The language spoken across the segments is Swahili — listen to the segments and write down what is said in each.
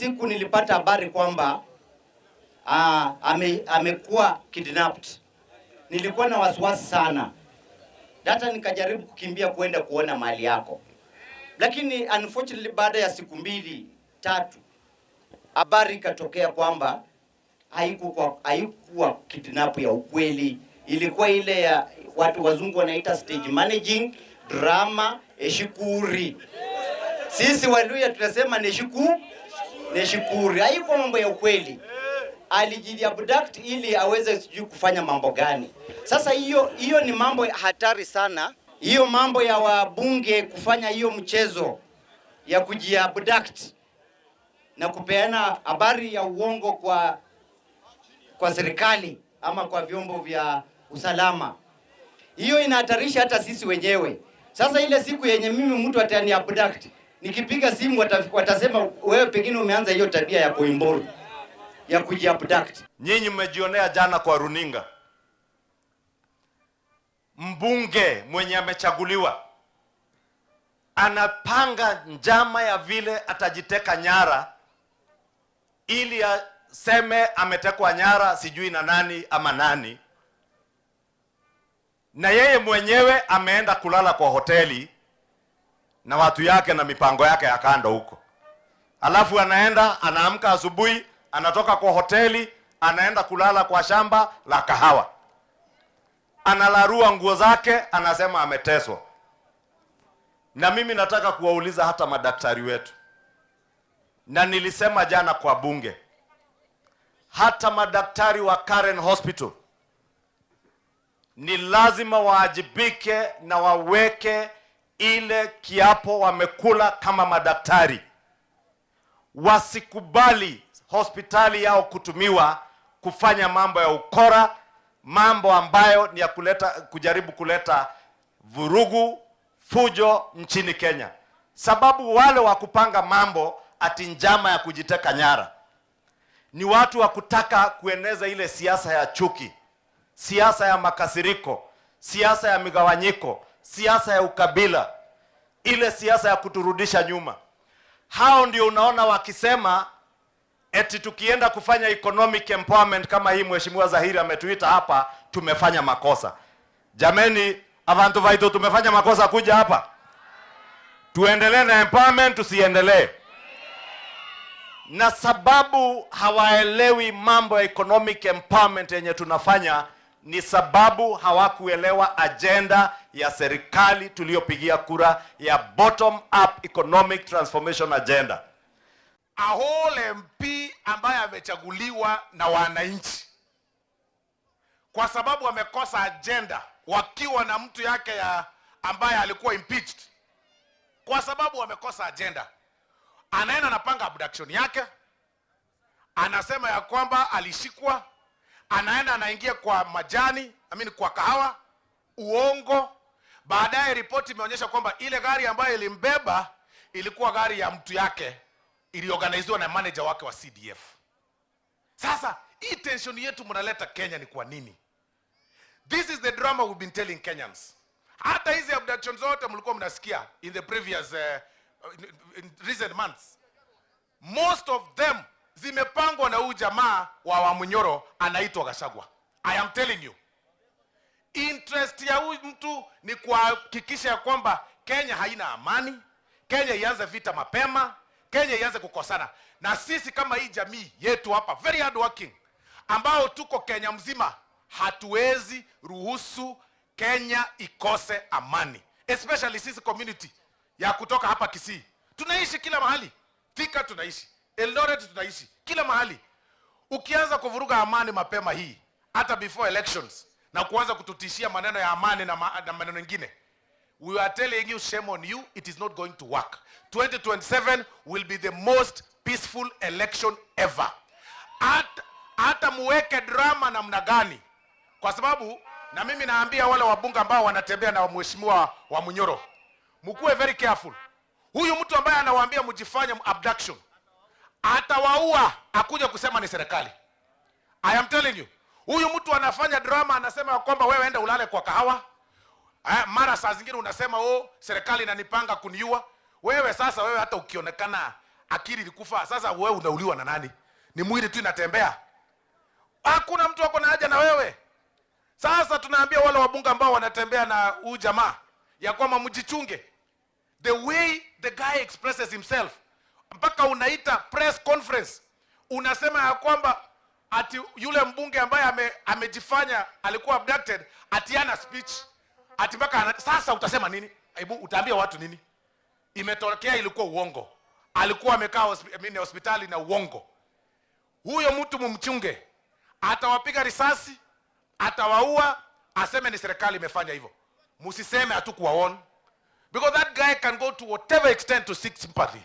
siku nilipata habari kwamba amekuwa ah, ame, amekuwa kidnapped. Nilikuwa na wasiwasi sana, hata nikajaribu kukimbia kuenda kuona mali yako, lakini unfortunately baada ya siku mbili tatu habari ikatokea kwamba haikuwa haikuwa kidnap ya ukweli, ilikuwa ile ya watu wazungu wanaita stage managing drama eshikuri. Sisi Waluya tunasema ni shiku nishukuru. Haiko mambo ya ukweli, abduct ili aweze sijui kufanya mambo gani. Sasa hiyo hiyo ni mambo hatari sana, hiyo mambo ya wabunge kufanya hiyo mchezo ya kujiabduct na kupeana habari ya uongo kwa kwa serikali ama kwa vyombo vya usalama, hiyo inahatarisha hata sisi wenyewe. Sasa ile siku yenye mimi mtu ataniabduct nikipiga simu watasema wewe pengine umeanza hiyo tabia ya kuimboru ya kujiabduct. Nyinyi mmejionea jana kwa runinga, mbunge mwenye amechaguliwa anapanga njama ya vile atajiteka nyara ili aseme ametekwa nyara sijui na nani ama nani, na yeye mwenyewe ameenda kulala kwa hoteli na watu yake na mipango yake ya kando huko. Alafu anaenda anaamka asubuhi, anatoka kwa hoteli, anaenda kulala kwa shamba la kahawa, analarua nguo zake, anasema ameteswa. Na mimi nataka kuwauliza hata madaktari wetu, na nilisema jana kwa bunge, hata madaktari wa Karen Hospital ni lazima waajibike na waweke ile kiapo wamekula kama madaktari. Wasikubali hospitali yao kutumiwa kufanya mambo ya ukora, mambo ambayo ni ya kuleta, kujaribu kuleta vurugu, fujo nchini Kenya, sababu wale wa kupanga mambo ati njama ya kujiteka nyara ni watu wa kutaka kueneza ile siasa ya chuki, siasa ya makasiriko, siasa ya migawanyiko siasa ya ukabila, ile siasa ya kuturudisha nyuma. Hao ndio unaona wakisema eti tukienda kufanya economic empowerment kama hii mheshimiwa Zahiri ametuita hapa, tumefanya makosa. Jameni, avantu vaito, tumefanya makosa kuja hapa? Tuendelee na empowerment, tusiendelee? Na sababu hawaelewi mambo ya economic empowerment yenye tunafanya ni sababu hawakuelewa ajenda ya serikali tuliyopigia kura ya bottom up economic transformation agenda. whole MP ambaye amechaguliwa na wananchi kwa sababu wamekosa ajenda, wakiwa na mtu yake ya ambaye alikuwa impeached kwa sababu wamekosa ajenda, anaenda anapanga abduction yake, anasema ya kwamba alishikwa, anaenda anaingia kwa majani, amini kwa kahawa, uongo. Baadaye ripoti imeonyesha kwamba ile gari ambayo ilimbeba ilikuwa gari ya mtu yake iliyoorganiziwa na manaja wake wa CDF. Sasa hii tension yetu mnaleta Kenya ni kwa nini? This is the drama we've been telling Kenyans. Hata hizi abduction zote mlikuwa mnasikia in the previous uh, in, recent months. Most of them zimepangwa na huu jamaa wa wamnyoro anaitwa Gashagwa. I am telling you interest ya huyu mtu ni kuhakikisha ya kwamba Kenya haina amani, Kenya ianze vita mapema, Kenya ianze kukosana. Na sisi kama hii jamii yetu hapa very hard working, ambao tuko Kenya mzima, hatuwezi ruhusu Kenya ikose amani, especially sisi community ya kutoka hapa Kisii. Tunaishi kila mahali, fika tunaishi, Eldoret tunaishi, kila mahali. Ukianza kuvuruga amani mapema hii, hata before elections na kuanza kututishia maneno ya amani na, ma na maneno mengine. We are telling you shame on you, it is not going to work. 2027 will be the most peaceful election ever. Hata hata muweke drama namna gani, kwa sababu na mimi naambia wale wabunge ambao wanatembea na mheshimiwa wa Munyoro, mkuwe very careful. Huyu mtu ambaye anawaambia mjifanye abduction atawaua, akuja kusema ni serikali. I am telling you Huyu mtu anafanya drama, anasema kwamba wewe enda ulale kwa kahawa. Eh, mara saa zingine unasema oh, serikali inanipanga kuniua wewe. Sasa wewe hata ukionekana akili ilikufa, sasa wewe unauliwa na nani? Ni mwili tu inatembea, hakuna mtu ako na haja na wewe. Sasa tunaambia wale wabunge ambao wanatembea na huu jamaa ya kwamba mjichunge, the way the guy expresses himself, mpaka unaita press conference, unasema ya kwamba ati yule mbunge ambaye ame, amejifanya alikuwa abducted ati ana speech ati mpaka sasa. Utasema nini? Hebu utaambia watu nini? Imetokea, ilikuwa uongo, alikuwa amekaa hospitali na uongo. Huyo mtu mumchunge, atawapiga risasi, atawaua, aseme ni serikali imefanya hivyo. Msiseme hatukuwaona, because that guy can go to whatever extent to seek sympathy,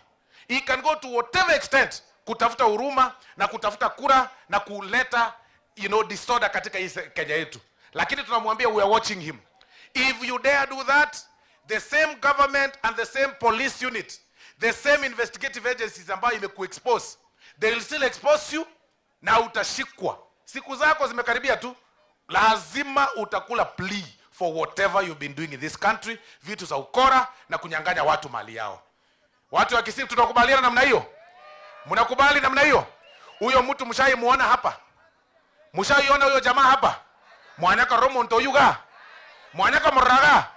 he can go to whatever extent kutafuta huruma na kutafuta kura na kuleta you know, disorder katika hii Kenya yetu, lakini tunamwambia we are watching him if you dare do that the same government and the same police unit the same investigative agencies ambayo imekuexpose they will still expose you na utashikwa. Siku zako zimekaribia tu, lazima utakula plea for whatever you've been doing in this country, vitu za ukora na kunyang'anya watu mali yao. Watu wa wakisii, tunakubaliana namna hiyo. Mnakubali namna hiyo? Huyo mtu mshaimuona hapa? Mshaiona huyo jamaa hapa? mwanaka romo ntoyuga mwanaka muraga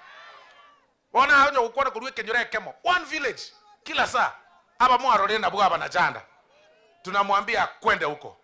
bona hajo ukona kuruwe kenjora kemo one village kila saa aba mwarorenda bwaba na janda tunamwambia kwende huko